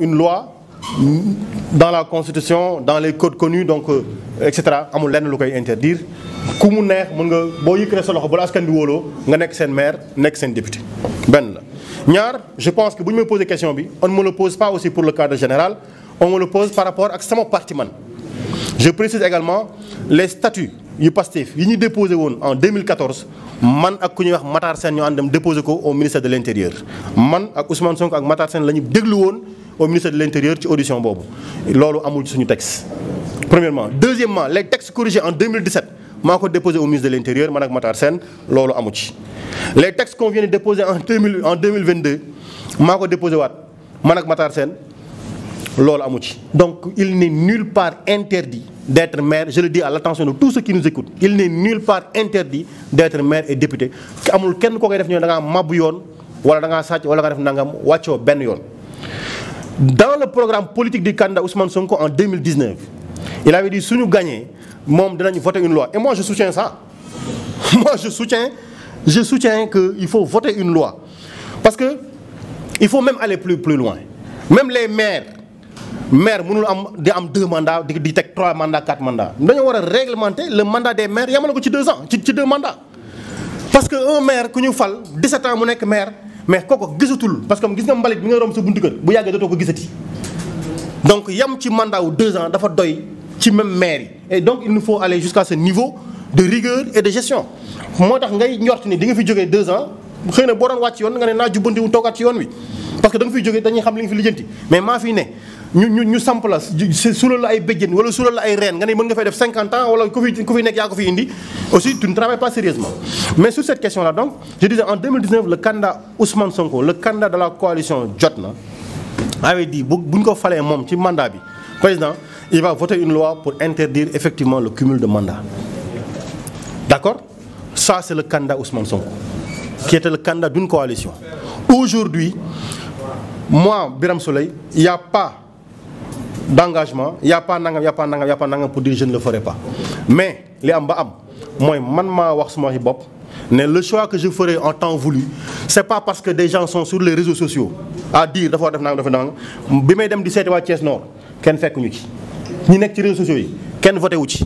une loi dans la constitution dans les codes connus donc euh, etc cetera amul lenn lu interdire ku mu neex mën nga boo yëkkatee sa loxo balaa askan un wóoloo nga nekk maire nek député ben je pense que vous me posez question on ne me le pose pas aussi pour le cadre général on me le pose par rapport à mon parti man je précise également les statuts yu Pastef yi ñu déposé woon en 2014 man ak ku ñu wax Matar sen ñu déposé ko au ministère de l'Intérieur. man ak Ousmane Sonko ak Matar sen la déglu au ministère de l'Intérieur ci audition bobu lolu amul ci suñu texte. premièrement deuxièmement les textes corrigés en 2017 mako déposé au ministère de l'Intérieur. man ak Matar sen lolu amu ci. les textes qu'on vient de déposer en en 2022 mako déposé wat man ak Matar sen donc il n'est nulle part interdit d'être maire je le dis à l'attention de tous ceux qui nous écoutent il n'est nulle part interdit d'être maire et député dans le programme politique du candidat Ousmane Sonko en 2019 il avait dit suñu gagné nous voter une loi et moi je soutiens ça moi je soutiens je soutiens que il faut voter une loi parce que il faut même aller plus loin même les maires maire mënul am di am deux mandats di di tek trois mandats quatre mandats dañu wara réglementer le mandat des maires yamal ko ci deux ans ci ci deux mandats. parce que un maire ku ñu fal 17 ans mu nek maire mais kooku gisatul parce que gis nga mbalit bi nga rom sa buntu keur bu yagge dootoo ko gisati donc yam ci mandat wu deux ans dafa doy ci même maire yi et donc il nous faut aller jusqu'à ce niveau de rigueur et de gestion motax ngay ñort ni di nga fi joggé 2 ans xeyna bo don wacc wàcc yoon nga ne naa jubbanti wu toogaat ci yoon wi parce que da nga fi joggé dañuy xam li nga fi lijeenti mais ma fi ne nous sommes ñu c'est c'est le la ay béjjén wala sulal la ay reen nga 50 ans ou aussi tu ne travailles pas sérieusement mais sur cette question là donc je disais en 2019 le candidat Ousmane Sonko le candidat de la coalition Jotna avait dit bu il ko mandat président il va voter une loi pour interdire effectivement le cumul de mandats d'accord ça c'est le candidat Ousmane Sonko qui était le candidat d'une coalition aujourd'hui moi Biram Soleil il n'y a pas d'engagement y' a pas a pas nangam y' a pas pour dire je ne le ferai pas mais les am moi, am man vous wax le choix que je ferai en temps voulu ce n'est pas parce que des gens sont sur les réseaux sociaux à dire dafa def nangam dafa nangam bi may dem di que Nord ken fekk ñu ci. ñi nek ci réseaux sociaux yi kenn voté wu ci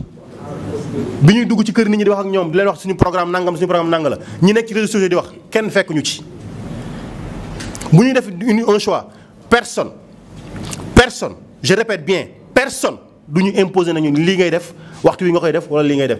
dugg ci kër nit ñi di wax ak programme nangam suñu programme la ñi ci réseaux sociaux di wax kenn fekk ñu ci un choix personne personne je répète bien personne du ñu imposer nañu lii ngay def waxtu wi nga koy def wala lii ngay def.